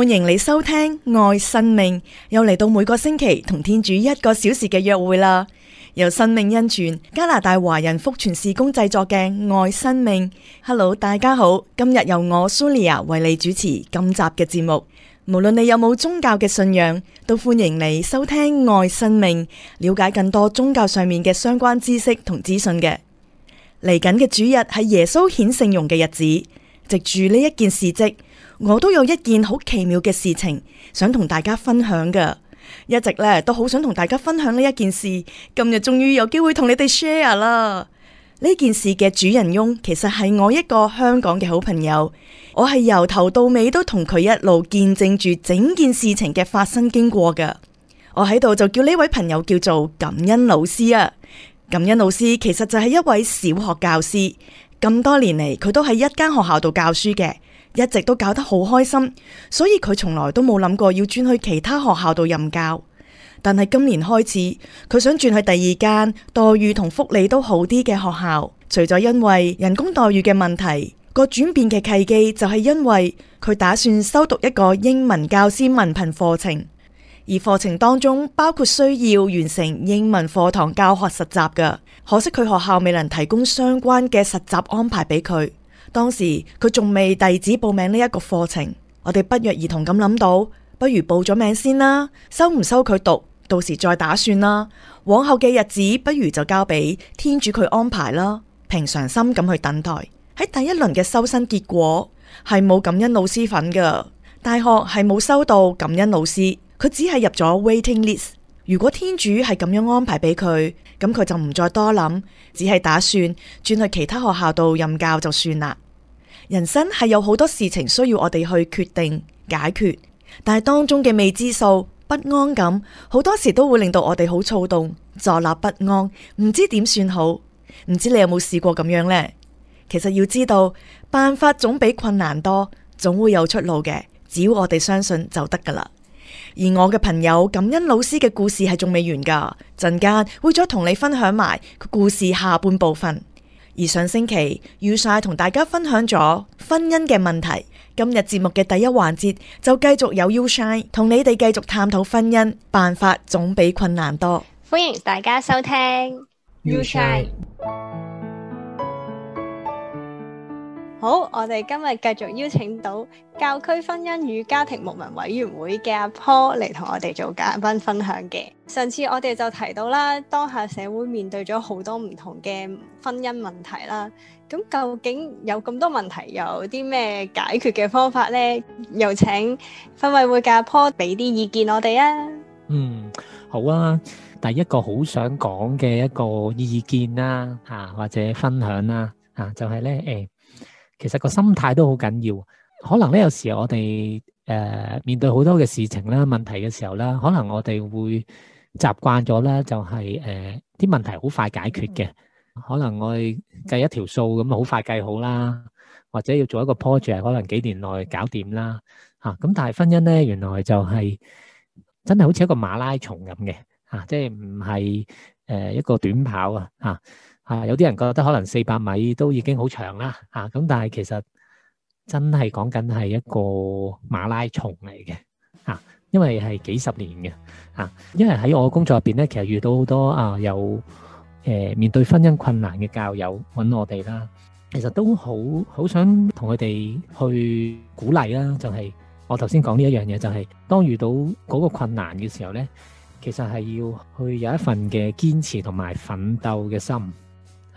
歡迎你收聽《愛生命》，又嚟到每個星期同天主一個小時嘅約會啦。由生命恩泉加拿大華人福傳事工製作嘅《愛生命》，Hello，大家好，今日由我蘇利亞為你主持今集嘅節目。無論你有冇宗教嘅信仰，都歡迎你收聽《愛生命》，了解更多宗教上面嘅相關知識同資訊嘅。嚟緊嘅主日係耶穌顯聖容嘅日子，藉住呢一件事跡。我都有一件好奇妙嘅事情想同大家分享㗎，一直咧都好想同大家分享呢一件事，今日終於有機會同你哋 share 啦。呢件事嘅主人翁其實係我一個香港嘅好朋友，我係由頭到尾都同佢一路見證住整件事情嘅發生經過㗎。我喺度就叫呢位朋友叫做感恩老師啊。感恩老師其實就係一位小學教師，咁多年嚟佢都喺一間學校度教書嘅。一直都搞得好開心，所以佢從來都冇諗過要轉去其他學校度任教。但係今年開始，佢想轉去第二間待遇同福利都好啲嘅學校。除咗因為人工待遇嘅問題，個轉變嘅契機就係因為佢打算修讀一個英文教師文憑課程，而課程當中包括需要完成英文課堂教學實習噶。可惜佢學校未能提供相關嘅實習安排俾佢。當時佢仲未遞紙報名呢一個課程，我哋不約而同咁諗到，不如報咗名先啦，收唔收佢讀，到時再打算啦。往後嘅日子，不如就交俾天主佢安排啦，平常心咁去等待。喺第一輪嘅收生結果係冇感恩老師份㗎，大學係冇收到感恩老師，佢只係入咗 waiting list。如果天主係咁樣安排俾佢，咁佢就唔再多諗，只係打算轉去其他學校度任教就算啦。人生係有好多事情需要我哋去決定，解決，但係當中嘅未知數、不安感，好多時都會令到我哋好躁動、坐立不安，唔知點算好。唔知你有冇試過咁樣呢？其實要知道，辦法總比困難多，總會有出路嘅，只要我哋相信就得噶啦。而我嘅朋友感恩老師嘅故事係仲未完㗎，陣間會再同你分享埋故事下半部分。而上星期 U Shine 同大家分享咗婚姻嘅問題，今日節目嘅第一環節就繼續有 U Shine 同你哋繼續探討婚姻，辦法總比困難多。歡迎大家收聽 U Shine, You Shine . 好，我哋今日繼續邀請到教區婚姻與家庭牧民委員會嘅阿坡嚟同我哋做嘉賓分享嘅。上次我哋就提到啦，當下社會面對咗好多唔同嘅婚姻問題啦。咁究竟有咁多問題，有啲咩解決嘅方法呢？又請分委會嘅阿坡俾啲意見我哋啊。嗯，好啊。第一個好想講嘅一個意見啦，吓或者分享啦，吓就係咧，誒。其實個心態都好緊要，可能咧有時我哋誒面對好多嘅事情啦，問題嘅時候啦，可能我哋會習慣咗咧，就係誒啲問題好快解決嘅，可能我哋計一條數咁好快計好啦，或者要做一個 project，可能幾年內搞掂啦嚇。咁但係婚姻咧，原來就係真係好似一個馬拉松咁嘅嚇，即係唔係誒一個短跑啊嚇。啊！有啲人覺得可能四百米都已經好長啦，嚇、啊、咁，但係其實真係講緊係一個馬拉松嚟嘅，嚇、啊，因為係幾十年嘅，嚇、啊。因為喺我工作入邊咧，其實遇到好多啊有誒、呃、面對婚姻困難嘅教友揾我哋啦，其實都好好想同佢哋去鼓勵啦，就係、是、我頭先講呢一樣嘢，就係、是、當遇到嗰個困難嘅時候咧，其實係要去有一份嘅堅持同埋奮鬥嘅心。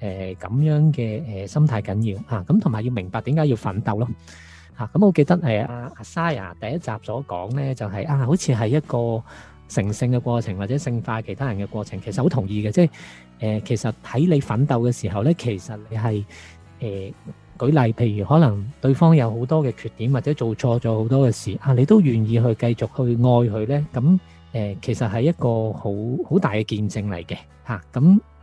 誒，咁樣嘅誒心態緊要吓，咁同埋要明白點解要奮鬥咯，吓咁我記得誒阿阿沙雅第一集所講呢，就係啊，好似係一個成聖嘅過程，或者聖化其他人嘅過程，其實好同意嘅，即係誒，其實喺你奮鬥嘅時候呢，其實你係誒，舉例譬如可能對方有好多嘅缺點，或者做錯咗好多嘅事，啊，你都願意去繼續去愛佢呢，咁誒，其實係一個好好大嘅見證嚟嘅吓，咁。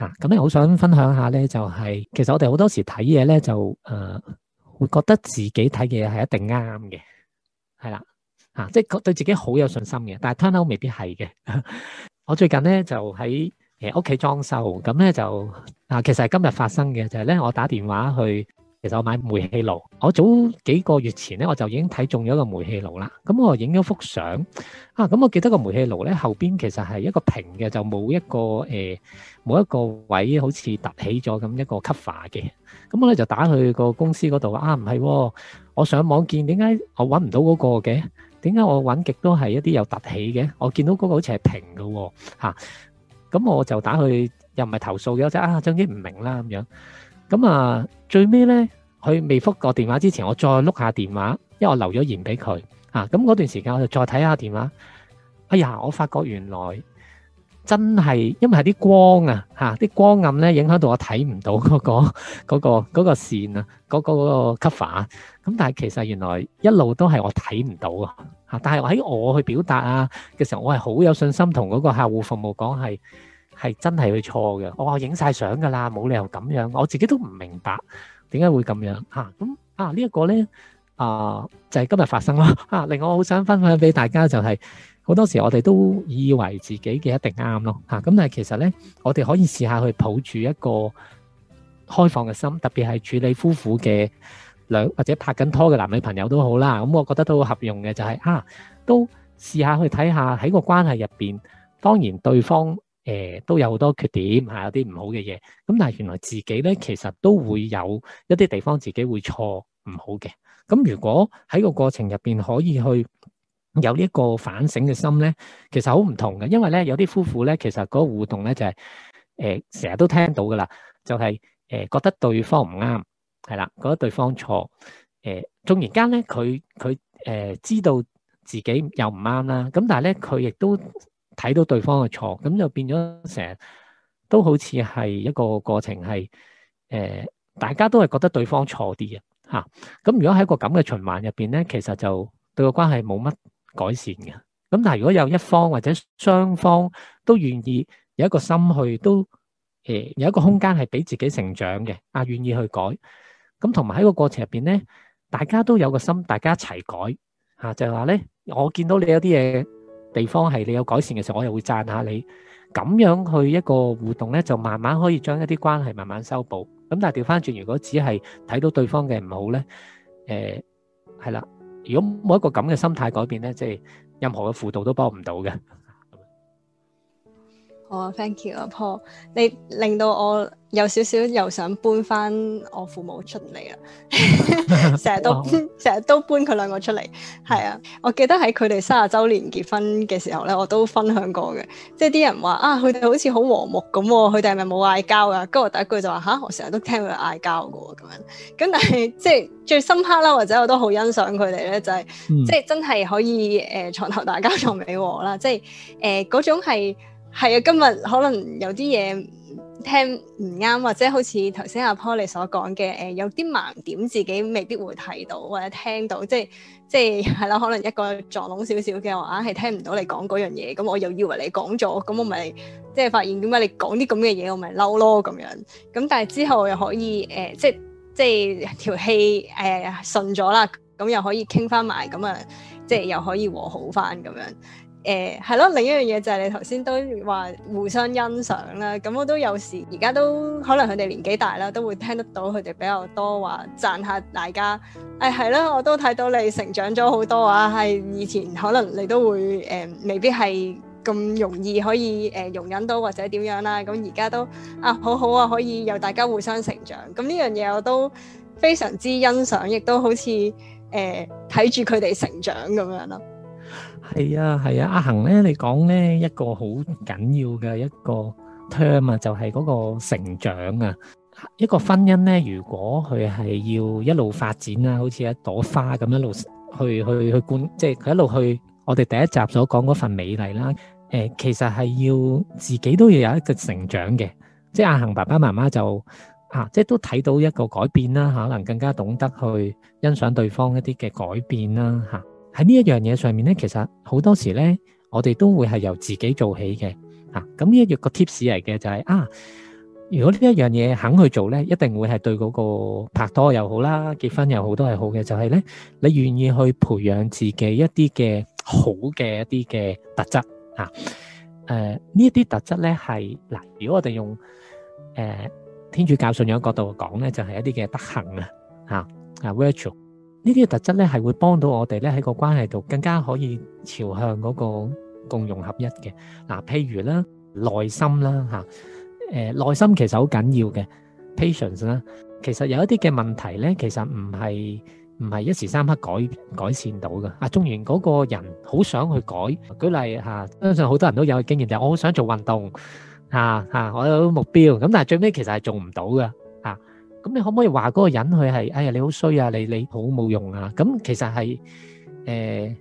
啊，咁咧好想分享下咧、就是，就係其實我哋好多時睇嘢咧，就誒、呃、會覺得自己睇嘅嘢係一定啱嘅，係啦，啊、嗯，即係對自己好有信心嘅，但係 turn out 未必係嘅。 我最近咧就喺誒屋企裝修，咁咧就啊，其實係今日發生嘅，就係、是、咧我打電話去。其實我買煤氣爐，我早幾個月前咧，我就已經睇中咗個煤氣爐啦。咁我影咗幅相啊，咁我記得個煤氣爐咧後邊其實係一個平嘅，就冇一個誒冇一個位好似凸起咗咁一個 cover 嘅。咁我咧就打去個公司嗰度啊，唔係喎，我上網見，點解我搵唔到嗰個嘅？點解我搵極都係一啲有凸起嘅？我見到嗰個好似係平嘅，吓咁我就打去又唔係投訴嘅，即係啊，總之唔明啦咁樣。咁啊，最尾呢，佢未覆過電話之前，我再碌下電話，因為我留咗言俾佢啊。咁嗰段時間，我就再睇下電話。哎呀，我發覺原來真係，因為係啲光啊，嚇啲光暗呢，影響到我睇唔到嗰個嗰個嗰個線啊，嗰個嗰個 cover。咁但係其實原來一路都係我睇唔到啊。嚇！但係喺我去表達啊嘅時候，我係好有信心同嗰個客戶服務講係。係真係佢錯嘅，我話影曬相噶啦，冇理由咁樣。我自己都唔明白點解會咁樣吓。咁啊呢一個呢啊，就係今日發生咯吓。令我好想分享俾大家就係好多時我哋都以為自己嘅一定啱咯吓。咁但係其實呢，我哋可以試下去抱住一個開放嘅心，特別係處理夫婦嘅兩或者拍緊拖嘅男女朋友都好啦。咁我覺得都好合用嘅，就係啊，都試下去睇下喺個關係入邊，當然對方。誒，都有好多缺點吓、啊，有啲唔好嘅嘢。咁但係，原來自己咧，其實都會有一啲地方自己會錯唔好嘅。咁如果喺個過程入邊可以去有呢一個反省嘅心咧，其實好唔同嘅。因為咧，有啲夫婦咧，其實嗰個互動咧就係、是、誒，成、呃、日都聽到噶啦，就係、是、誒、呃、覺得對方唔啱，係啦，覺得對方錯。誒、呃，縱然間咧，佢佢誒知道自己又唔啱啦。咁但係咧，佢亦都。睇到對方嘅錯，咁就變咗成日都好似係一個過程，係誒，大家都係覺得對方錯啲嘅嚇。咁如果喺個咁嘅循環入邊咧，其實就對個關係冇乜改善嘅。咁但係如果有一方或者雙方都願意有一個心去，都誒有一個空間係俾自己成長嘅，啊願意去改。咁同埋喺個過程入邊咧，大家都有個心，大家一齊改嚇，就係話咧，我見到你有啲嘢。地方係你有改善嘅時候，我又會讚下你，咁樣去一個互動呢，就慢慢可以將一啲關係慢慢修補。咁但係掉返轉，如果只係睇到對方嘅唔好呢，誒係啦，如果冇一個咁嘅心態改變呢，即係任何嘅輔導都幫唔到嘅。我、oh, thank you 阿 Paul，你令到我有少少又想搬翻我父母出嚟啦，成 日都成日都搬佢兩個出嚟，係啊。我記得喺佢哋三十週年結婚嘅時候咧，我都分享過嘅，即係啲人話啊，佢哋好似好和睦咁，佢哋係咪冇嗌交啊？跟住我第一句就話吓、啊，我成日都聽佢嗌交噶咁樣。咁但係即係最深刻啦，或者我都好欣賞佢哋咧，就係、是嗯、即係真係可以誒、呃，床頭打交床尾和啦，即係誒嗰種係。係啊，今日可能有啲嘢聽唔啱，或者好似頭先阿 Paulie 所講嘅，誒、呃、有啲盲點自己未必會睇到或者聽到，即係即係係啦，可能一個撞聾少少嘅話，係聽唔到你講嗰樣嘢，咁我又以為你講咗，咁我咪即係發現點解你講啲咁嘅嘢，我咪嬲咯咁樣。咁但係之後又可以誒、呃，即係即係條氣誒、呃、順咗啦，咁又可以傾翻埋，咁啊即係又可以和好翻咁樣。誒係咯，另一樣嘢就係你頭先都話互相欣賞啦。咁、嗯、我都有時而家都可能佢哋年紀大啦，都會聽得到佢哋比較多話讚下大家。誒係咯，我都睇到你成長咗好多啊。係以前可能你都會誒、呃、未必係咁容易可以誒、呃、容忍到或者點樣啦。咁而家都啊好好啊，可以有大家互相成長。咁呢樣嘢我都非常之欣賞，亦都好似誒睇住佢哋成長咁樣咯。係啊，係啊，阿恒咧，你講咧一個好緊要嘅一個 term 啊，就係嗰個成長啊。一個婚姻咧，如果佢係要一路發展啦，好似一朵花咁一路去去去灌，即係佢一路去。我哋第一集所講嗰份美麗啦，誒，其實係要自己都要有一個成長嘅。即係阿恒爸爸媽媽就啊，即係都睇到一個改變啦，可能更加懂得去欣賞對方一啲嘅改變啦，吓。喺呢一樣嘢上面咧，其實好多時咧，我哋都會係由自己做起嘅嚇。咁呢一個 tips 嚟嘅就係啊，如果呢一樣嘢肯去做咧，一定會係對嗰個拍拖又好啦，結婚又好都係好嘅。就係咧，你願意去培養自己一啲嘅好嘅一啲嘅特質啊。誒呢一啲特質咧係嗱，如果我哋用誒天主教信仰角度講咧，就係一啲嘅德行啊嚇啊 virtue。呢啲嘅特質咧，係會幫到我哋咧喺個關係度更加可以朝向嗰個共融合一嘅。嗱，譬如啦，耐心啦，嚇，誒，耐心其實好緊要嘅。patience 啦，其實有一啲嘅問題咧，其實唔係唔係一時三刻改改善到㗎。啊，縱然嗰個人好想去改，舉例嚇，相信好多人都有經驗就係我好想做運動，嚇嚇，我有目標咁，但係最尾其實係做唔到㗎。咁你可唔可以話嗰個人佢係？哎呀，你好衰啊，你你好冇用啊！咁其實係誒，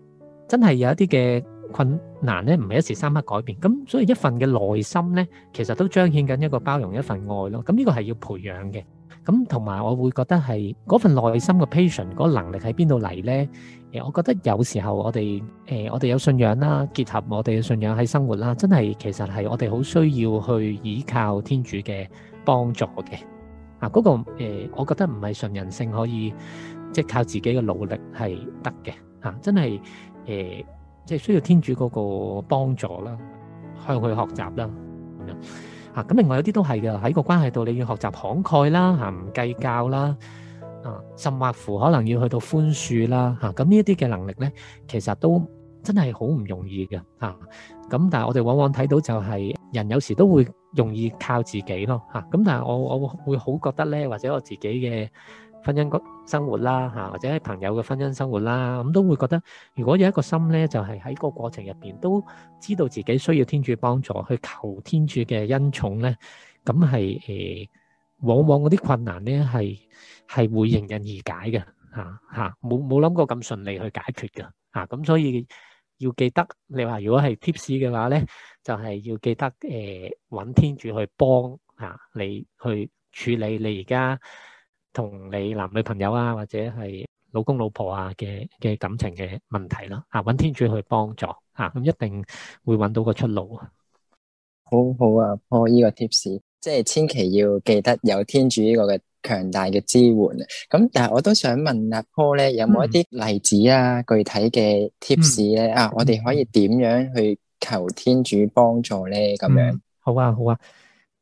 真係有一啲嘅困難咧，唔係一時三刻改變。咁所以一份嘅耐心咧，其實都彰顯緊一個包容，一份愛咯。咁呢個係要培養嘅。咁同埋我會覺得係嗰份耐心嘅 patience，嗰個能力喺邊度嚟咧？誒，我覺得有時候我哋誒，我哋有信仰啦，結合我哋嘅信仰喺生活啦，真係其實係我哋好需要去倚靠天主嘅幫助嘅。嗱，嗰個誒，我覺得唔係純人性可以即係靠自己嘅努力係得嘅，嚇，真係誒，即係需要天主嗰個幫助啦，向佢學習啦，咁樣嚇。咁另外有啲都係嘅，喺個關係度，你要學習慷慨啦，嚇，唔計較啦，啊，甚或乎可能要去到寬恕啦，嚇。咁呢一啲嘅能力咧，其實都真係好唔容易嘅，嚇。咁但係我哋往往睇到就係人有時都會。容易靠自己咯嚇，咁但係我我會好覺得咧，或者我自己嘅婚姻生活啦嚇，或者係朋友嘅婚姻生活啦，咁都會覺得，如果有一個心咧，就係喺個過程入邊都知道自己需要天主幫助，去求天主嘅恩寵咧，咁係誒，往往嗰啲困難咧係係會迎刃而解嘅嚇嚇，冇冇諗過咁順利去解決嘅嚇，咁所以要記得，你話如果係 tips 嘅話咧。就係要記得誒，搵、呃、天主去幫啊，你去處理你而家同你男女朋友啊，或者係老公老婆啊嘅嘅感情嘅問題啦。啊，搵天主去幫助啊，咁、啊、一定會搵到個出路啊！好好啊，阿波呢個 tips，即係千祈要記得有天主呢個嘅強大嘅支援啊！咁但係我都想問阿波咧，有冇一啲例子啊？嗯、具體嘅 tips 咧啊，我哋可以點樣去？求天主幫助咧，咁樣、嗯、好啊，好啊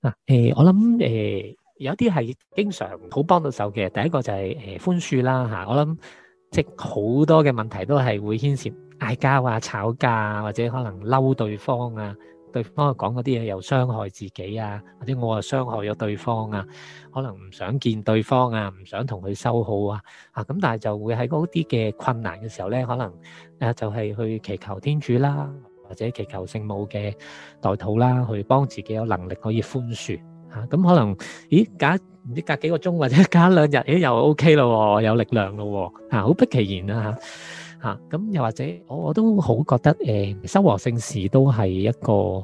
嗱，誒、呃，我諗誒、呃，有啲係經常好幫到手嘅。第一個就係誒寬恕啦，吓，我諗即係好多嘅問題都係會牽涉嗌交啊、吵架啊，或者可能嬲對方啊，對方又講嗰啲嘢又傷害自己啊，或者我啊傷害咗對方啊，可能唔想見對方啊，唔想同佢修好啊，啊咁，但係就會喺嗰啲嘅困難嘅時候咧，可能誒就係去祈求天主啦。或者祈求聖母嘅代禱啦，去幫自己有能力可以寬恕嚇。咁可能咦？隔唔知隔幾個鐘或者隔兩日，咦又 OK 咯，有力量咯，嚇好不其然啊嚇。咁又或者我我都好覺得誒，修和聖事都係一個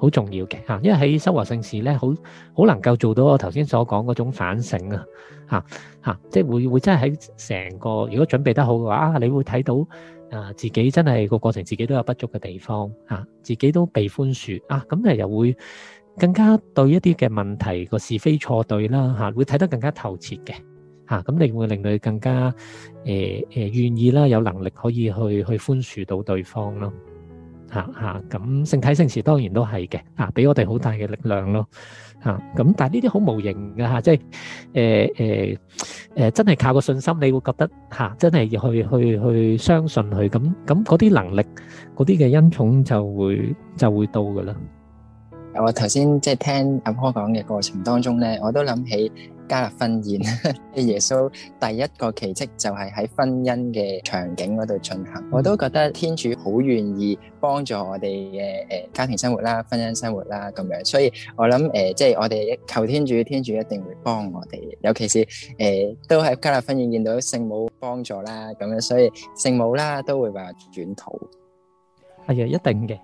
好重要嘅嚇，因為喺修和聖事咧，好好能夠做到我頭先所講嗰種反省啊嚇嚇，即係會會真係喺成個如果準備得好嘅話，你會睇到。啊，自己真係個過程，自己都有不足嘅地方，吓、啊、自己都被寬恕啊，咁你又會更加對一啲嘅問題個是非錯對啦，嚇、啊、會睇得更加透徹嘅，嚇、啊、咁你會令到佢更加誒誒、呃呃、願意啦，有能力可以去去寬恕到對方咯。啊嚇，嚇咁聖體聖事當然都係嘅，啊，俾我哋好大嘅力量咯，嚇咁但係呢啲好無形㗎嚇，即係誒誒誒，真係靠個信心，你會覺得嚇，真係去去去相信佢，咁咁嗰啲能力嗰啲嘅恩寵就會就會到㗎喇。我頭先即係聽阿婆講嘅過程當中咧，我都諗起。加勒婚宴，耶穌第一個奇蹟就係喺婚姻嘅場景嗰度進行。我都覺得天主好願意幫助我哋嘅誒家庭生活啦、婚姻生活啦咁樣。所以我諗誒，即係我哋求天主，天主一定會幫我哋。尤其是誒，都喺加勒婚宴見到聖母幫助啦，咁樣所以聖母啦都會話轉土。係啊，一定嘅。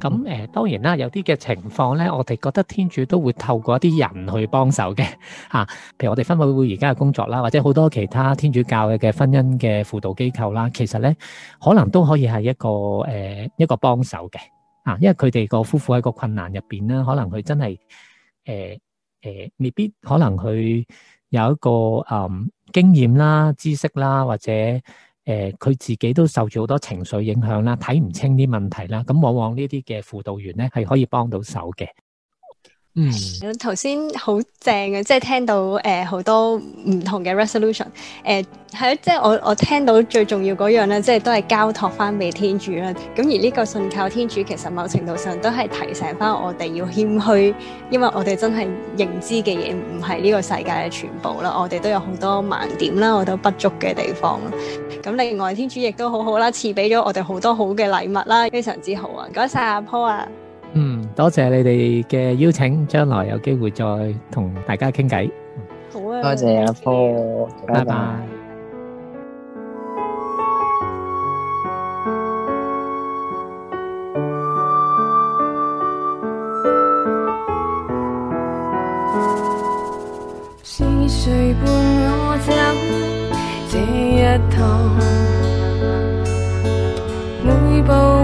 咁誒、嗯、當然啦，有啲嘅情況咧，我哋覺得天主都會透過一啲人去幫手嘅嚇，譬如我哋分會會而家嘅工作啦，或者好多其他天主教嘅婚姻嘅輔導機構啦，其實咧可能都可以係一個誒、呃、一個幫手嘅嚇，因為佢哋個夫婦喺個困難入邊咧，可能佢真係誒誒未必可能佢有一個誒、呃、經驗啦、知識啦或者。誒佢、呃、自己都受咗好多情緒影響啦，睇唔清啲問題啦，咁往往呢啲嘅輔導員呢，係可以幫到手嘅。嗯，頭先好正嘅，即係聽到誒好多唔同嘅 resolution，誒係咯，即係我我聽到最重要嗰樣咧，即係都係交託翻俾天主啦。咁而呢個信靠天主，其實某程度上都係提醒翻我哋要謙虛，因為我哋真係認知嘅嘢唔係呢個世界嘅全部啦，我哋都有好多盲點啦，我都不足嘅地方。咁另外天主亦都好好啦，賜俾咗我哋好多好嘅禮物啦，非常之好啊！感謝阿 Paul 啊！多謝你哋嘅邀請，將來有機會再同大家傾偈。好啊，多謝阿 Paul，拜拜。是誰伴我走這一趟？每步。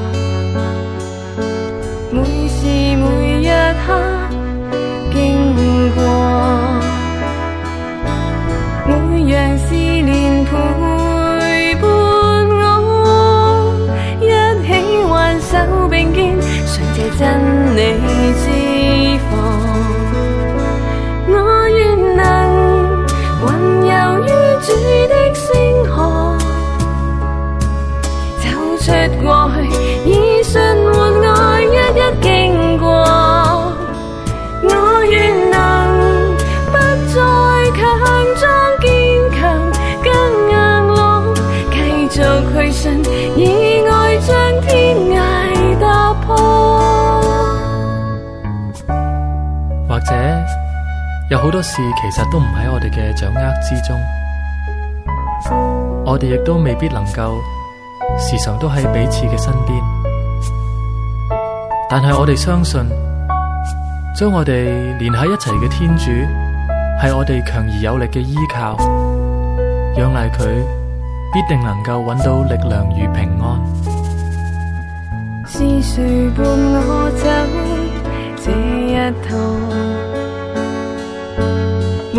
有好多事其實都唔喺我哋嘅掌握之中，我哋亦都未必能夠時常都喺彼此嘅身邊。但係我哋相信，將我哋連喺一齊嘅天主係我哋強而有力嘅依靠，仰賴佢必定能夠揾到力量與平安。是誰伴我走這一趟？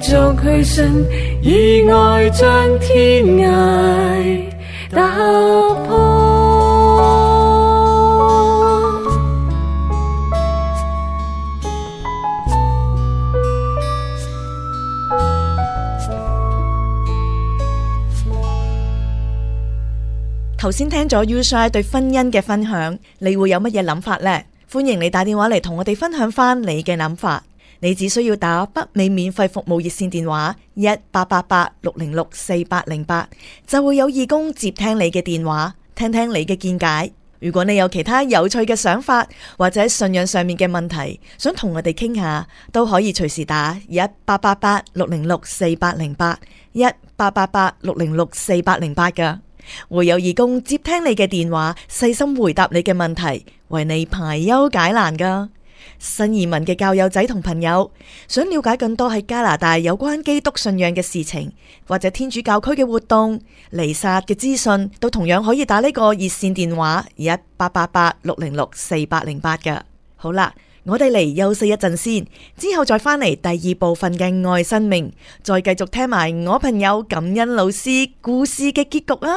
作去信，以愛將天涯打破。頭先聽咗 Usha 對婚姻嘅分享，你會有乜嘢諗法呢？歡迎你打電話嚟同我哋分享翻你嘅諗法。你只需要打北美免費服務熱線電話一八八八六零六四八零八，就會有義工接聽你嘅電話，聽聽你嘅見解。如果你有其他有趣嘅想法或者信仰上面嘅問題，想同我哋傾下，都可以隨時打一八八八六零六四八零八一八八八六零六四八零八㗎，會有義工接聽你嘅電話，細心回答你嘅問題，為你排憂解難㗎。新移民嘅教友仔同朋友想了解更多喺加拿大有關基督信仰嘅事情，或者天主教區嘅活動、彌撒嘅資訊，都同樣可以打呢個熱線電話一八八八六零六四八零八噶。好啦，我哋嚟休息一陣先，之後再翻嚟第二部分嘅愛生命，再繼續聽埋我朋友感恩老師故事嘅結局啊！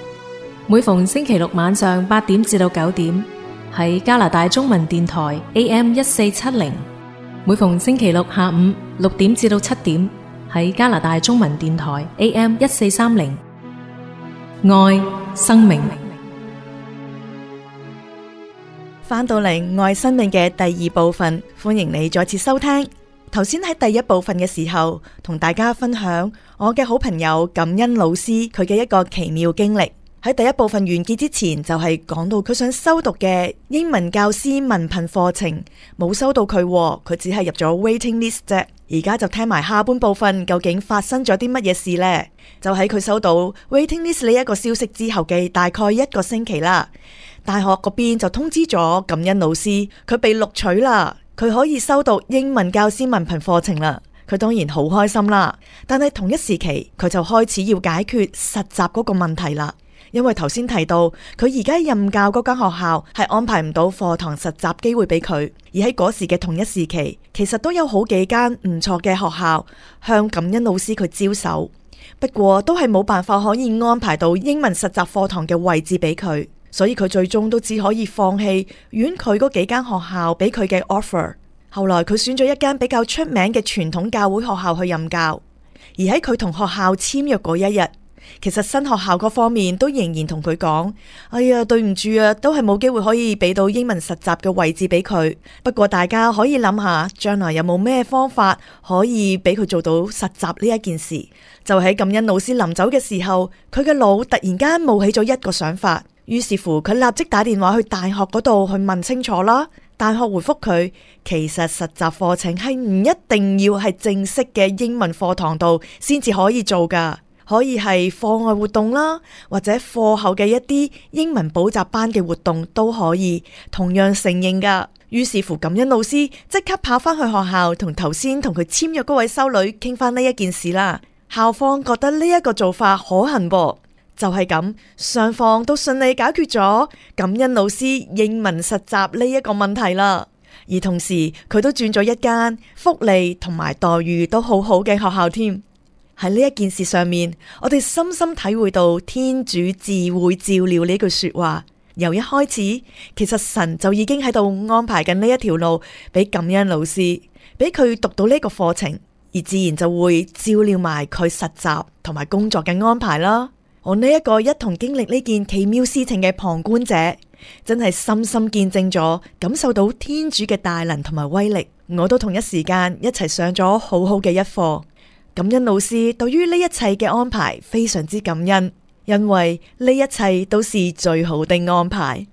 每逢星期六晚上八點至到九點，喺加拿大中文電台 AM 一四七零；每逢星期六下午六點至到七點，喺加拿大中文電台 AM 一四三零。愛生命，翻到嚟愛生命嘅第二部分，歡迎你再次收聽。頭先喺第一部分嘅時候，同大家分享我嘅好朋友感恩老師佢嘅一個奇妙經歷。喺第一部分完結之前，就係講到佢想修讀嘅英文教師文憑課程冇收到佢，哦，佢只係入咗 waiting list 啫。而家就聽埋下半部分究竟發生咗啲乜嘢事呢。就喺佢收到 waiting list 呢一個消息之後嘅大概一個星期啦，大學嗰邊就通知咗感恩老師，佢被錄取啦，佢可以修讀英文教師文憑課程啦。佢當然好開心啦，但係同一時期佢就開始要解決實習嗰個問題啦。因為頭先提到，佢而家任教嗰間學校係安排唔到課堂實習機會俾佢，而喺嗰時嘅同一時期，其實都有好幾間唔錯嘅學校向感恩老師佢招手，不過都係冇辦法可以安排到英文實習課堂嘅位置俾佢，所以佢最終都只可以放棄選佢嗰幾間學校俾佢嘅 offer。後來佢選咗一間比較出名嘅傳統教會學校去任教，而喺佢同學校簽約嗰一日，其實新學校各方面都仍然同佢講，哎呀，對唔住啊，都係冇機會可以俾到英文實習嘅位置俾佢。不過大家可以諗下，將來有冇咩方法可以俾佢做到實習呢一件事？就喺感恩老師臨走嘅時候，佢嘅腦突然間冒起咗一個想法，於是乎佢立即打電話去大學嗰度去問清楚啦。大學回覆佢，其實實習課程係唔一定要喺正式嘅英文課堂度先至可以做噶。可以係課外活動啦，或者課後嘅一啲英文補習班嘅活動都可以，同樣承認噶。於是乎，感恩老師即刻跑返去學校，同頭先同佢簽約嗰位修女傾翻呢一件事啦。校方覺得呢一個做法可行噃、啊，就係、是、咁，雙方都順利解決咗感恩老師英文實習呢一個問題啦。而同時，佢都轉咗一間福利同埋待遇都好好嘅學校添。喺呢一件事上面，我哋深深體會到天主自會照料呢句說話。由一開始，其實神就已經喺度安排緊呢一條路俾感恩老師，俾佢讀到呢個課程，而自然就會照料埋佢實習同埋工作嘅安排啦。我呢一個一同經歷呢件奇妙事情嘅旁觀者，真係深深見證咗，感受到天主嘅大能同埋威力。我都同一時間一齊上咗好好嘅一課。感恩老師對於呢一切嘅安排非常之感恩，因為呢一切都是最好嘅安排。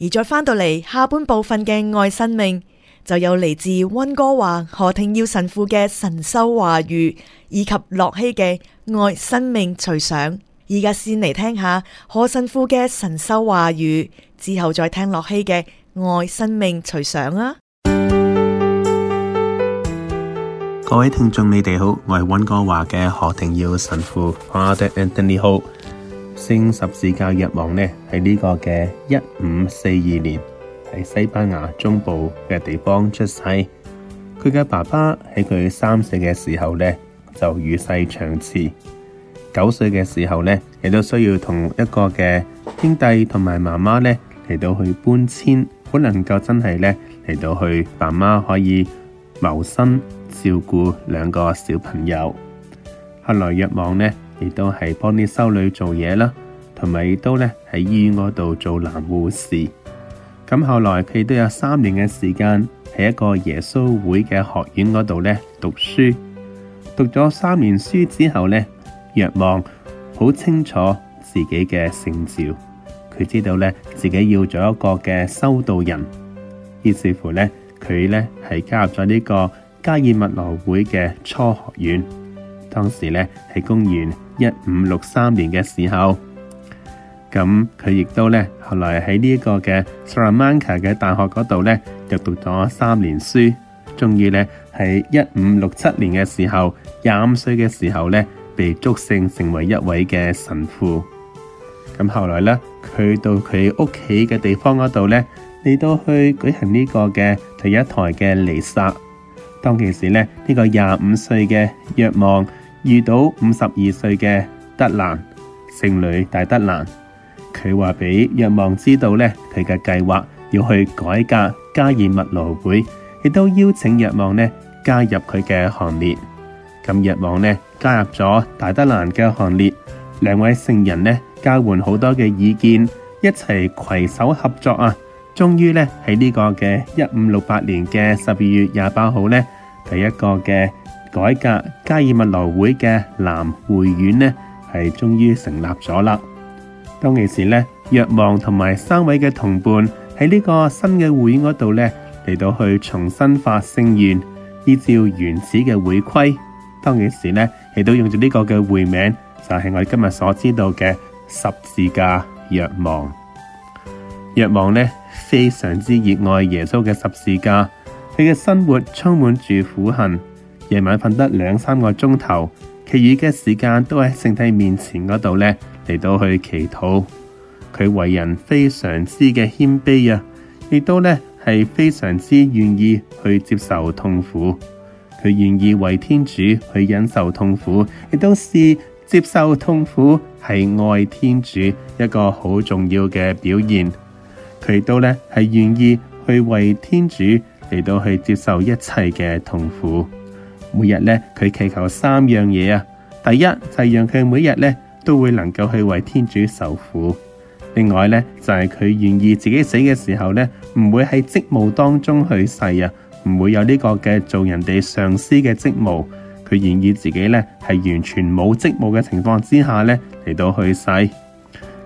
而再返到嚟下半部分嘅愛生命，就有嚟自溫哥華何挺耀神父嘅神修話語，以及駱曦嘅愛生命隨想。而家先嚟聽下何神父嘅神修話語，之後再聽駱曦嘅愛生命隨想啊。各位聽眾，你哋好，我係溫哥華嘅何廷耀神父。Father Anthony 好。聖十字若望呢，喺呢個嘅一五四二年喺西班牙中部嘅地方出世。佢嘅爸爸喺佢三歲嘅時候呢，就與世長辭。九歲嘅時候呢，亦都需要同一個嘅兄弟同埋媽媽呢，嚟到去搬遷，可能夠真係呢，嚟到去爸媽可以謀生。照顧兩個小朋友，後來若望呢，亦都係幫啲修女做嘢啦，同埋亦都呢喺醫院嗰度做男護士。咁後來佢都有三年嘅時間喺一個耶穌會嘅學院嗰度呢讀書。讀咗三年書之後呢，若望好清楚自己嘅聖召，佢知道呢，自己要做一個嘅修道人，於是乎呢，佢呢係加入咗呢個。加爾麥羅會嘅初學院，當時咧係公元一五六三年嘅時候。咁佢亦都咧後來喺呢一個嘅 Salamanca 嘅大學嗰度咧就讀咗三年書。終於咧喺一五六七年嘅時候，廿五歲嘅時候咧被祝聖成，成為一位嘅神父。咁、嗯、後來咧佢到佢屋企嘅地方嗰度咧，嚟到去舉行呢個嘅第一台嘅彌撒。當其時咧，呢個廿五歲嘅若望遇到五十二歲嘅德蘭，聖女大德蘭，佢話俾若望知道咧，佢嘅計劃要去改革加爾密羅會，亦都邀請若望呢加入佢嘅行列。咁若望呢，加入咗大德蘭嘅行列，兩位聖人呢，交換好多嘅意見，一齊携手合作啊！終於呢，喺呢個嘅一五六八年嘅十二月廿八號呢。第一個嘅改革加爾默羅會嘅男會院呢，係終於成立咗啦。當其時呢，約望同埋三位嘅同伴喺呢個新嘅會院嗰度呢，嚟到去重新發聖願，依照原始嘅會規。當其時呢，亦都用住呢個嘅會名，就係、是、我哋今日所知道嘅十字架約望。約望呢，非常之熱愛耶穌嘅十字架。佢嘅生活充滿住苦恨，夜晚瞓得兩三個鐘頭，其餘嘅時間都喺聖體面前嗰度呢，嚟到去祈禱佢為人非常之嘅謙卑啊，亦都呢係非常之願意去接受痛苦。佢願意為天主去忍受痛苦，亦都是接受痛苦係愛天主一個好重要嘅表現。佢都呢係願意去為天主，嚟到去接受一切嘅痛苦。每日呢，佢祈求三樣嘢啊。第一就係讓佢每日呢都會能夠去為天主受苦。另外呢，就係佢願意自己死嘅時候呢，唔會喺職務當中去世啊，唔會有呢個嘅做人哋上司嘅職務。佢願意自己呢，係完全冇職務嘅情況之下呢，嚟到去世。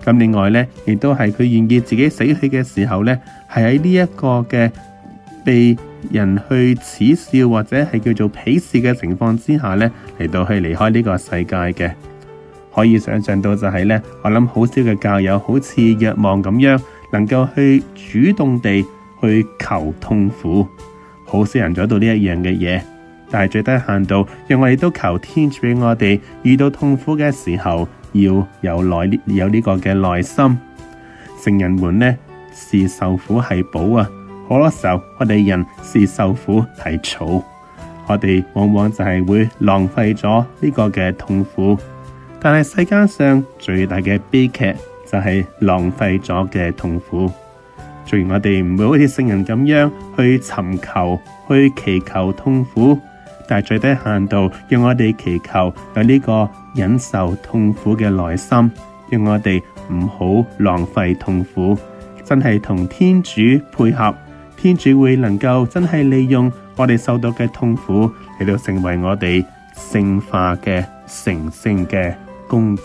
咁另外呢，亦都係佢願意自己死去嘅時候呢，係喺呢一個嘅。被人去恥笑或者係叫做鄙視嘅情況之下咧，嚟到去離開呢個世界嘅，可以想象到就係咧，我諗好少嘅教友好似若望咁樣，能夠去主動地去求痛苦，好少人做到呢一樣嘅嘢。但係最低限度，讓我哋都求天主俾我哋遇到痛苦嘅時候，要有耐，有呢個嘅耐心，聖人們咧，是受苦係寶啊。嗰個時候，我哋人是受苦係草，我哋往往就係會浪費咗呢個嘅痛苦。但係世間上最大嘅悲劇就係浪費咗嘅痛苦。雖然我哋唔會好似聖人咁樣去尋求去祈求痛苦，但係最低限度要我哋祈求有呢個忍受痛苦嘅內心，要我哋唔好浪費痛苦，真係同天主配合。天主會能夠真係利用我哋受到嘅痛苦嚟到成為我哋聖化嘅、成聖嘅工具。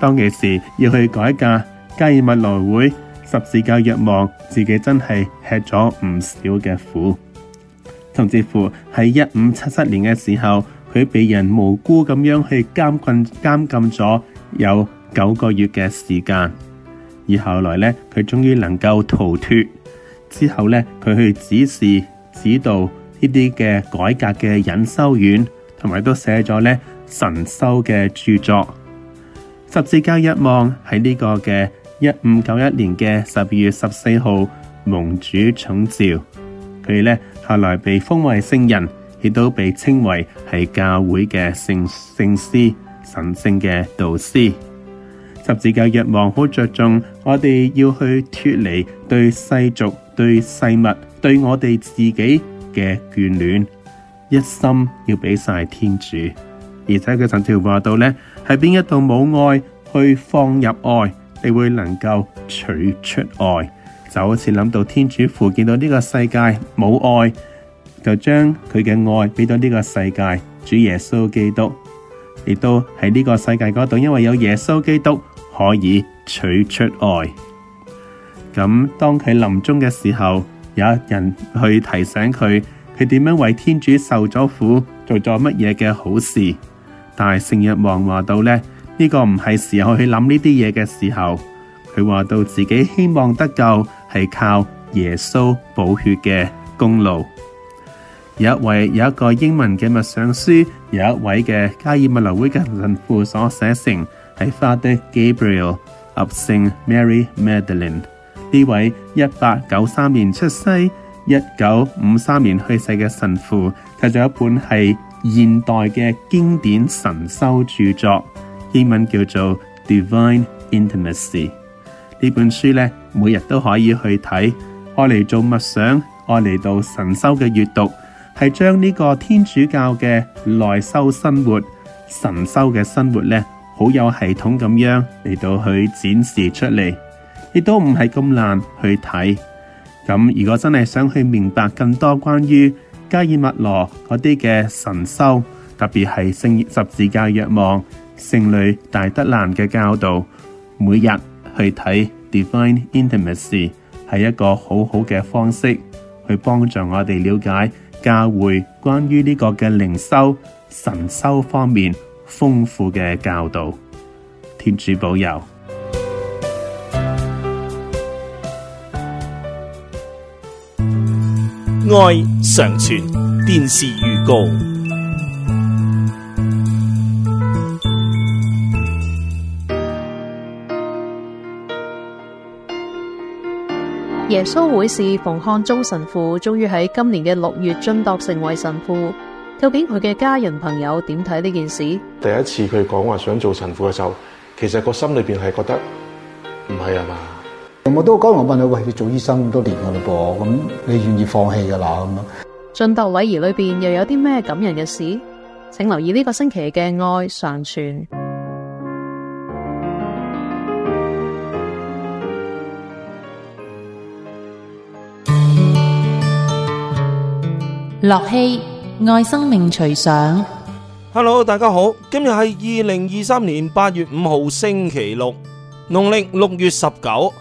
當其時要去改革，加爾默羅會、十字若望，自己真係吃咗唔少嘅苦。甚至乎喺一五七七年嘅時候，佢被人無辜咁樣去監困、監禁咗有九個月嘅時間。而後來咧，佢終於能夠逃脫。之後咧，佢去指示指導呢啲嘅改革嘅隱修院，同埋都寫咗咧神修嘅著作《十字若望》。喺呢個嘅一五九一年嘅十二月十四號，蒙主寵召佢咧，後來被封為聖人，亦都被稱為係教會嘅聖聖師、神聖嘅導師。十字架若望好着重，我哋要去脫離對世俗、對事物、對我哋自己嘅眷戀，一心要俾晒天主。而且佢曾經話到咧，喺邊一度冇愛去放入愛，你會能夠取出愛，就好似諗到天主父見到呢個世界冇愛，就將佢嘅愛俾到呢個世界。主耶穌基督亦都喺呢個世界嗰度，因為有耶穌基督。可以取出外。咁當佢臨終嘅時候，有一人去提醒佢，佢點樣為天主受咗苦，做咗乜嘢嘅好事。但係聖若望話到呢，呢，呢個唔係時候去諗呢啲嘢嘅時候，佢話到自己希望得救係靠耶穌寶血嘅功勞。有一位有一個英文嘅物上書，有一位嘅加爾默羅會嘅神父所寫成。喺 Father Gabriel，姓 Mary Magdalene 呢位一八九三年出世，一九五三年去世嘅神父，睇咗一本係現代嘅經典神修著作，英文叫做《Divine Intimacy》。呢本書咧，每日都可以去睇，愛嚟做默想，愛嚟到神修嘅閱讀，係將呢個天主教嘅內修生活、神修嘅生活咧。好有系統咁樣嚟到去展示出嚟，亦都唔係咁難去睇。咁如果真係想去明白更多關於加爾麥羅嗰啲嘅神修，特別係聖十字架若望、聖女大德蘭嘅教導，每日去睇 Divine Intimacy 係一個好好嘅方式，去幫助我哋了解教會關於呢個嘅靈修神修方面。豐富嘅教導，天主保佑。愛常傳電視預告。耶穌會士馮漢宗神父終於喺今年嘅六月晉鐸成為神父。究竟佢嘅家人朋友點睇呢件事？第一次佢講話想做神父嘅時候，其實個心裏邊係覺得唔係啊嘛。我都講我問你：「喂，你做醫生咁多年噶嘞噃，咁你願意放棄噶啦咁樣？」晉鐸禮儀裏邊又有啲咩感人嘅事？請留意呢個星期嘅愛上傳。駱曦。愛生命隨想，Hello，大家好，今日係二零二三年八月五號星期六，農曆六月十九。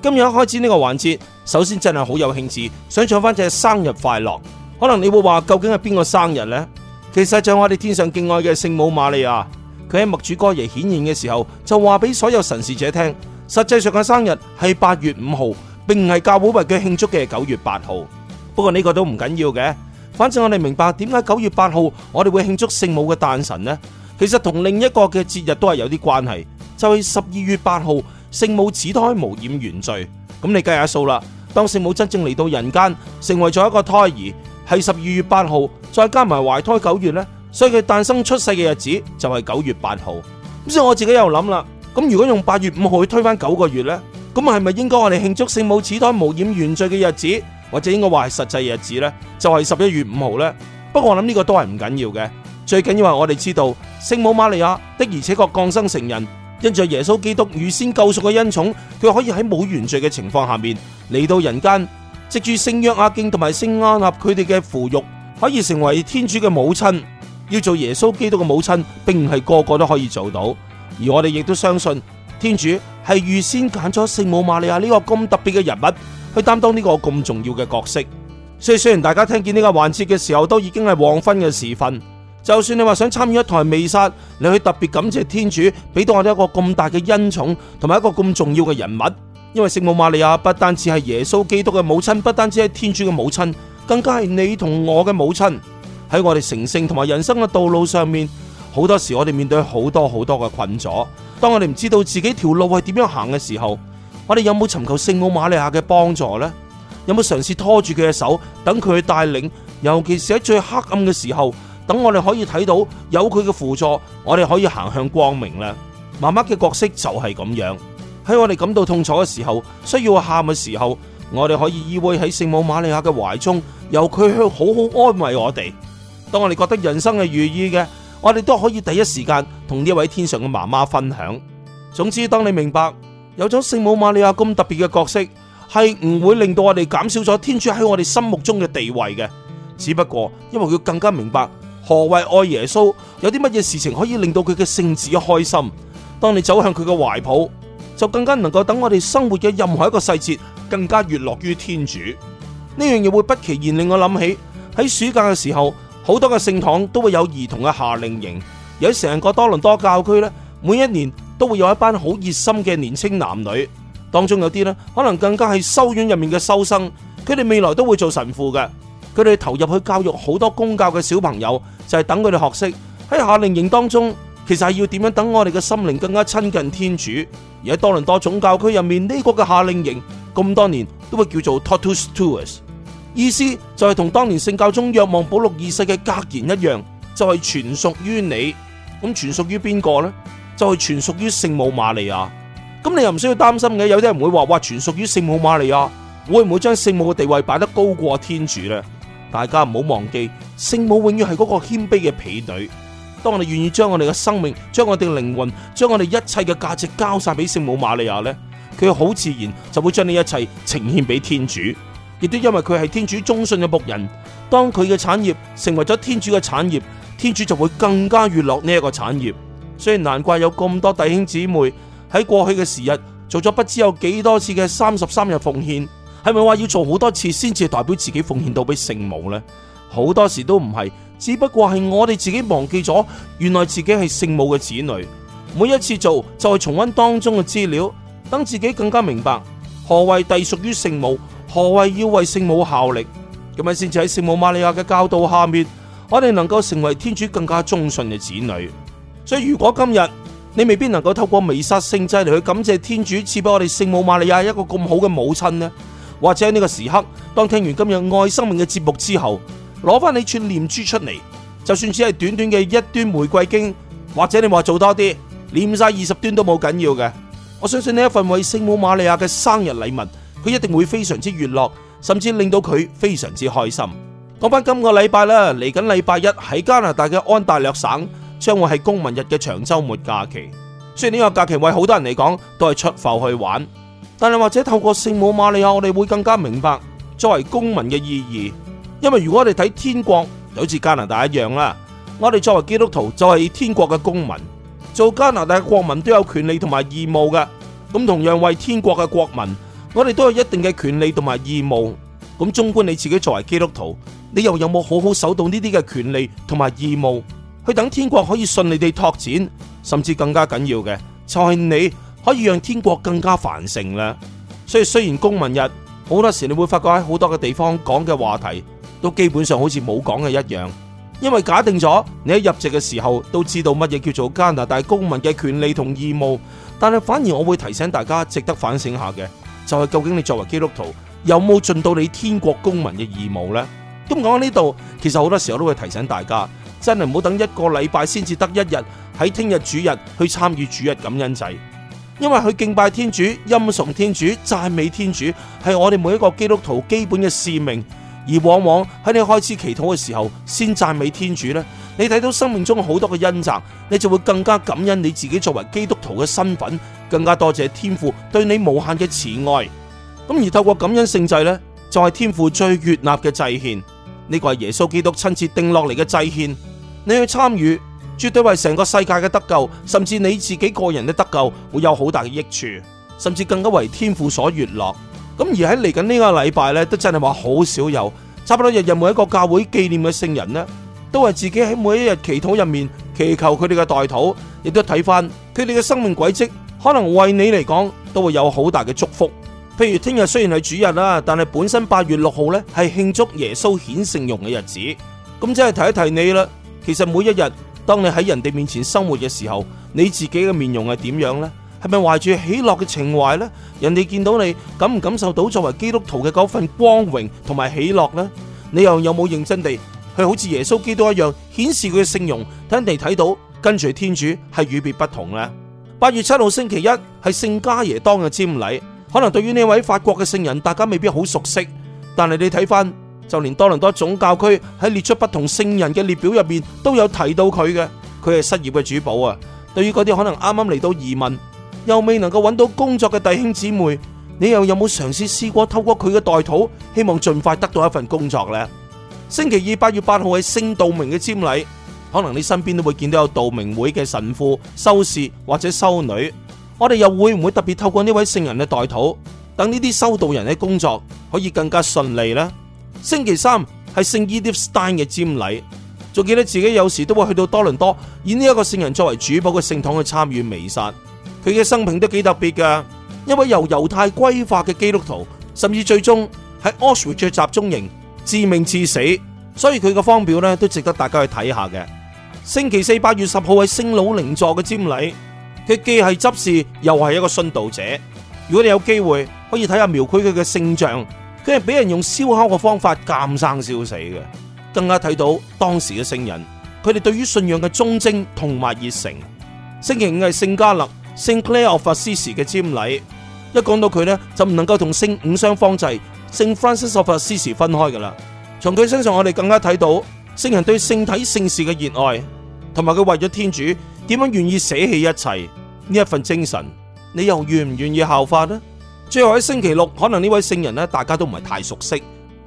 今日一開始呢個環節，首先真係好有興致，想唱翻隻生日快樂。可能你會話，究竟係邊個生日呢？其實就我哋天上敬愛嘅聖母瑪利亞，佢喺默主哥耶顯現嘅時候，就話俾所有神使者聽。實際上嘅生日係八月五號，並唔係教會為佢慶祝嘅九月八號。不過呢個都唔緊要嘅。反正我哋明白點解九月八號我哋會慶祝聖母嘅誕辰呢？其實同另一個嘅節日都係有啲關係，就係十二月八號聖母始胎無染原罪。咁你計下數啦，當聖母真正嚟到人間，成為咗一個胎兒，係十二月八號，再加埋懷胎九月呢，所以佢誕生出世嘅日子就係九月八號。咁所以我自己又諗啦，咁如果用八月五號去推返九個月呢，咁係咪應該我哋慶祝聖母始胎無染原罪嘅日子？或者應該話係實際日子呢，就係十一月五號呢。不過我諗呢個都係唔緊要嘅，最緊要係我哋知道聖母瑪利亞的而且確降生成人，因着耶穌基督預先救贖嘅恩寵，佢可以喺冇原罪嘅情況下面嚟到人間，藉住聖約阿敬同埋聖安納佢哋嘅扶育，可以成為天主嘅母親。要做耶穌基督嘅母親，並唔係個個都可以做到，而我哋亦都相信天主係預先揀咗聖母瑪利亞呢個咁特別嘅人物，去擔當呢個咁重要嘅角色，所以雖然大家聽見呢個環節嘅時候都已經係黃昏嘅時分，就算你話想參與一台彌撒，你去特別感謝天主俾到我哋一個咁大嘅恩寵同埋一個咁重要嘅人物，因為聖母瑪利亞不單止係耶穌基督嘅母親，不單止係天主嘅母親，更加係你同我嘅母親。喺我哋成聖同埋人生嘅道路上面，好多時我哋面對好多好多嘅困阻，當我哋唔知道自己條路係點樣行嘅時候。我哋有冇尋求聖母瑪利亞嘅幫助呢？有冇嘗試拖住佢嘅手，等佢去帶領？尤其是喺最黑暗嘅時候，等我哋可以睇到有佢嘅輔助，我哋可以行向光明咧。媽媽嘅角色就係咁樣，喺我哋感到痛楚嘅時候，需要喊嘅時候，我哋可以依偎喺聖母瑪利亞嘅懷中，由佢去好好安慰我哋。當我哋覺得人生係如意嘅，我哋都可以第一時間同呢位天上嘅媽媽分享。總之，當你明白。有咗聖母瑪利亞咁特別嘅角色，係唔會令到我哋減少咗天主喺我哋心目中嘅地位嘅。只不過因為佢更加明白何謂愛耶穌，有啲乜嘢事情可以令到佢嘅聖子開心。當你走向佢嘅懷抱，就更加能夠等我哋生活嘅任何一個細節更加悅樂於天主。呢樣嘢會不期然令我諗起喺暑假嘅時候，好多嘅聖堂都會有兒童嘅夏令營，有成個多倫多教區呢，每一年。都會有一班好熱心嘅年青男女，當中有啲咧，可能更加係修院入面嘅修生，佢哋未來都會做神父嘅。佢哋投入去教育好多公教嘅小朋友，就係、是、等佢哋學識喺夏令營當中，其實係要點樣等我哋嘅心靈更加親近天主。而喺多倫多總教區入面呢、這個嘅夏令營咁多年，都會叫做 Totus Tuus，意思就係同當年聖教宗若望保祿二世嘅格言一樣，就係、是、全屬於你。咁全屬於邊個呢？再係全屬於聖母瑪利亞，咁你又唔需要擔心嘅。有啲人會話：哇，全屬於聖母瑪利亞，會唔會將聖母嘅地位擺得高過天主呢？大家唔好忘記，聖母永遠係嗰個謙卑嘅婢女。當我哋願意將我哋嘅生命、將我哋靈魂、將我哋一切嘅價值交晒俾聖母瑪利亞呢，佢好自然就會將呢一切呈獻俾天主。亦都因為佢係天主忠信嘅僕人，當佢嘅產業成為咗天主嘅產業，天主就會更加悅樂呢一個產業。雖然難怪有咁多弟兄姊妹喺過去嘅時日做咗不知有幾多次嘅三十三日奉獻，係咪話要做好多次先至代表自己奉獻到俾聖母呢？好多時都唔係，只不過係我哋自己忘記咗，原來自己係聖母嘅子女。每一次做就係重溫當中嘅資料，等自己更加明白何謂隸屬於聖母，何謂要為聖母效力。咁樣先至喺聖母瑪利亞嘅教導下面，我哋能夠成為天主更加忠順嘅子女。所以如果今日你未必能夠透過彌撒聖祭嚟去感謝天主賜俾我哋聖母瑪利亞一個咁好嘅母親呢？或者呢個時刻，當聽完今日愛生命嘅節目之後，攞翻你串念珠出嚟，就算只係短短嘅一端玫瑰經，或者你話做多啲念晒二十端都冇緊要嘅。我相信呢一份為聖母瑪利亞嘅生日禮物，佢一定會非常之悅樂，甚至令到佢非常之開心。講翻今個禮拜啦，嚟緊禮拜一喺加拿大嘅安大略省。將會係公民日嘅長周末假期，雖然呢個假期為好多人嚟講都係出埠去玩，但係或者透過聖母瑪利亞，我哋會更加明白作為公民嘅意義。因為如果我哋睇天國，就好似加拿大一樣啦。我哋作為基督徒就係天國嘅公民，做加拿大嘅國民都有權利同埋義務㗎。咁同樣為天國嘅國民，我哋都有一定嘅權利同埋義務。咁，縱觀你自己作為基督徒，你又有冇好好守到呢啲嘅權利同埋義務？去等天國可以順利地拓展，甚至更加緊要嘅就係你可以讓天國更加繁盛啦。所以雖然公民日好多時，你會發覺喺好多嘅地方講嘅話題都基本上好似冇講嘅一樣，因為假定咗你喺入籍嘅時候都知道乜嘢叫做加拿大公民嘅權利同義務，但係反而我會提醒大家值得反省下嘅就係究竟你作為基督徒有冇盡到你天國公民嘅義務咧？咁講到呢度，其實好多時候我都會提醒大家。真係唔好等一個禮拜先至得一日，喺聽日主日去參與主日感恩祭，因為去敬拜天主、欽崇天主、讚美天主係我哋每一個基督徒基本嘅使命。而往往喺你開始祈禱嘅時候，先讚美天主呢，你睇到生命中好多嘅恩澤，你就會更加感恩你自己作為基督徒嘅身份，更加多謝天父對你無限嘅慈愛。咁而透過感恩聖祭呢，就係、是、天父最悅納嘅祭獻，呢個係耶穌基督親自定落嚟嘅祭獻。你去參與，絕對為成個世界嘅得救，甚至你自己個人嘅得救會有好大嘅益處，甚至更加為天父所悅納。咁而喺嚟緊呢個禮拜咧，都真係話好少有，差唔多日日每一個教會紀念嘅聖人呢，都係自己喺每一日祈禱入面祈求佢哋嘅代禱，亦都睇翻佢哋嘅生命軌跡，可能為你嚟講都會有好大嘅祝福。譬如聽日雖然係主日啦，但係本身八月六號咧係慶祝耶穌顯聖容嘅日子，咁即係提一提你啦。其實每一日，當你喺人哋面前生活嘅時候，你自己嘅面容係點樣呢？係咪懷住喜樂嘅情懷呢？人哋見到你，感唔感受到作為基督徒嘅嗰份光榮同埋喜樂呢？你又有冇認真地去好似耶穌基督一樣顯示佢嘅聖容，等人哋睇到跟住天主係與別不同呢？八月七號星期一係聖加耶當嘅瞻禮，可能對於呢位法國嘅聖人，大家未必好熟悉，但係你睇翻。就連多倫多總教區喺列出不同聖人嘅列表入面都有提到佢嘅，佢係失業嘅主保啊！對於嗰啲可能啱啱嚟到移民又未能夠揾到工作嘅弟兄姊妹，你又有冇嘗試試過透過佢嘅代禱，希望盡快得到一份工作呢？星期二八月八號係聖道明嘅瞻禮，可能你身邊都會見到有道明會嘅神父、修士或者修女，我哋又會唔會特別透過呢位聖人嘅代禱，等呢啲修道人嘅工作可以更加順利呢？星期三係聖伊迪斯丹嘅瞻禮，仲記得自己有時都會去到多倫多，以呢一個聖人作為主保嘅聖堂去參與彌撒。佢嘅生平都幾特別嘅，因為由猶太歸化嘅基督徒，甚至最終喺奧斯威辛集中營致命致死。所以佢嘅方表咧都值得大家去睇下嘅。星期四八月十號係聖老楞佐嘅瞻禮，佢既係執事又係一個殉道者。如果你有機會可以睇下描繪佢嘅聖像。佢係俾人用燒烤嘅方法監生燒死嘅，更加睇到當時嘅聖人，佢哋對於信仰嘅忠貞同埋熱誠。星期五係聖加勒、聖 Clare of Assisi 嘅瞻禮，一講到佢咧，就唔能夠同聖五傷方濟、聖 Francis of Assisi 分開噶啦。從佢身上，我哋更加睇到聖人對聖體聖事嘅熱愛，同埋佢為咗天主點樣願意捨棄一切。呢一份精神，你又願唔願意效法呢？最後喺星期六，可能呢位聖人咧，大家都唔係太熟悉，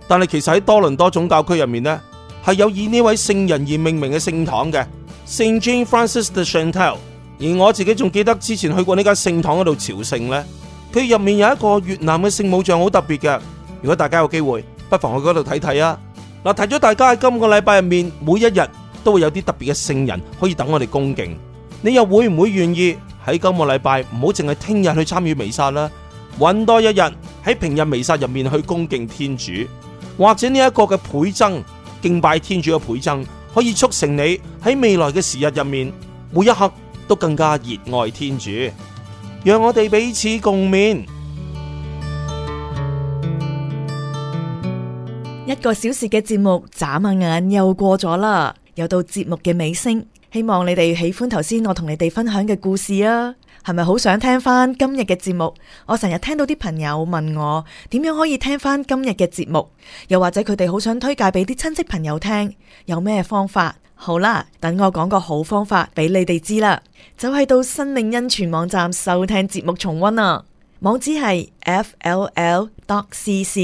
但係其實喺多倫多總教區入面呢，係有以呢位聖人而命名嘅聖堂嘅 Saint Jane Frances de Chantal。而我自己仲記得之前去過呢間聖堂嗰度朝聖呢，佢入面有一個越南嘅聖母像，好特別嘅。如果大家有機會，不妨去嗰度睇睇啊！嗱，提咗大家喺今個禮拜入面，每一日都會有啲特別嘅聖人可以等我哋恭敬。你又會唔會願意喺今個禮拜唔好淨係聽日去參與彌撒咧？揾多一日喺平日彌撒入面去恭敬天主，或者呢一個嘅倍增敬拜天主嘅倍增，可以促成你喺未來嘅時日入面，每一刻都更加熱愛天主。讓我哋彼此共勉。一個小時嘅節目，眨下眼又過咗啦，又到節目嘅尾聲。希望你哋喜歡頭先我同你哋分享嘅故事啊，係咪好想聽返今日嘅節目？我成日聽到啲朋友問我點樣可以聽返今日嘅節目，又或者佢哋好想推介俾啲親戚朋友聽，有咩方法？好啦，等我講個好方法俾你哋知啦，就係到生命恩泉網站收聽節目重溫啊，網址係 fll.cc，d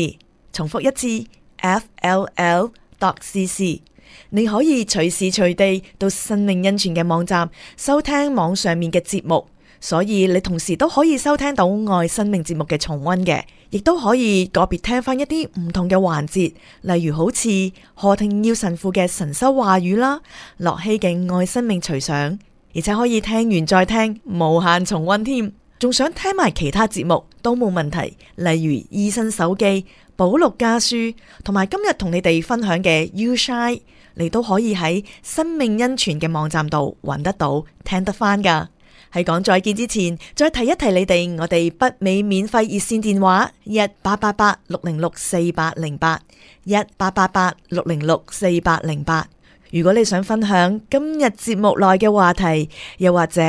o 重複一次 fll.cc d o。你可以隨時隨地到生命恩泉嘅網站收聽網上面嘅節目，所以你同時都可以收聽到愛生命節目嘅重溫嘅，亦都可以個別聽翻一啲唔同嘅環節，例如好似何聽要神父嘅神修話語啦，駱曦嘅愛生命隨想，而且可以聽完再聽無限重溫添，仲想聽埋其他節目都冇問題，例如醫生手記、保祿家書，同埋今日同你哋分享嘅 You Shine。你都可以喺生命恩泉嘅網站度揾得到，聽得翻噶。喺講再見之前，再提一提你哋我哋北美免費熱線電話一八八八六零六四八零八一八八八六零六四八零八。如果你想分享今日節目內嘅話題，又或者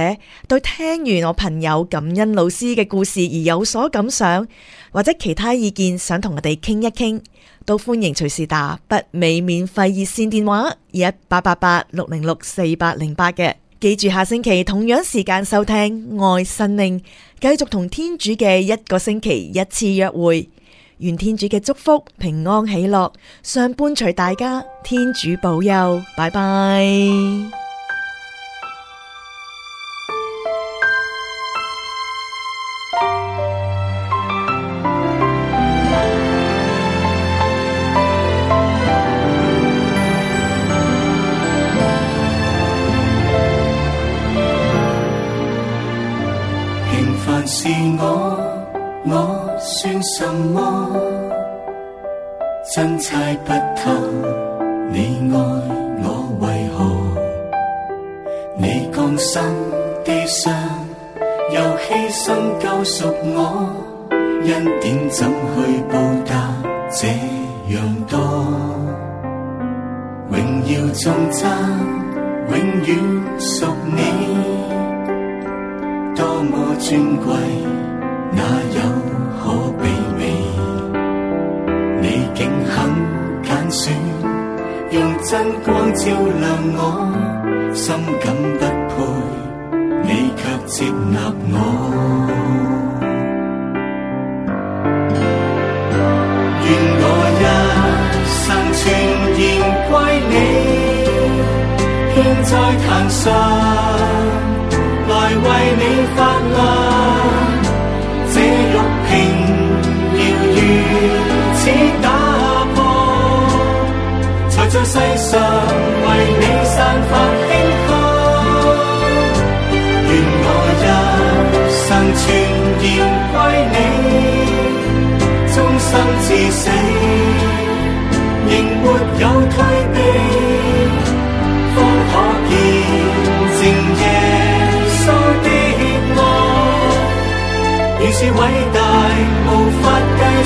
對聽完我朋友感恩老師嘅故事而有所感想，或者其他意見想談談，想同我哋傾一傾。都歡迎隨時打北美免費熱線電話二一八八八六零六四八零八嘅。記住下星期同樣時間收聽愛生命，繼續同天主嘅一個星期一次約會。願天主嘅祝福平安喜樂，上伴隨大家。天主保佑，拜拜。還是我，我算什麼？真猜不透你愛我為何？你降生地上，又犧牲救贖我，恩典，怎去報答這樣多？榮耀稱讚，永遠屬你。多麼尊貴，那有何卑微？你竟肯揀選，用真光照亮我，心感不配，你卻接納我。 願我一生全然歸你，偏在壇上。為你發亮，這玉瓶要如此打破，才在世上為你散發馨香。願我一生全然歸你，終生至死。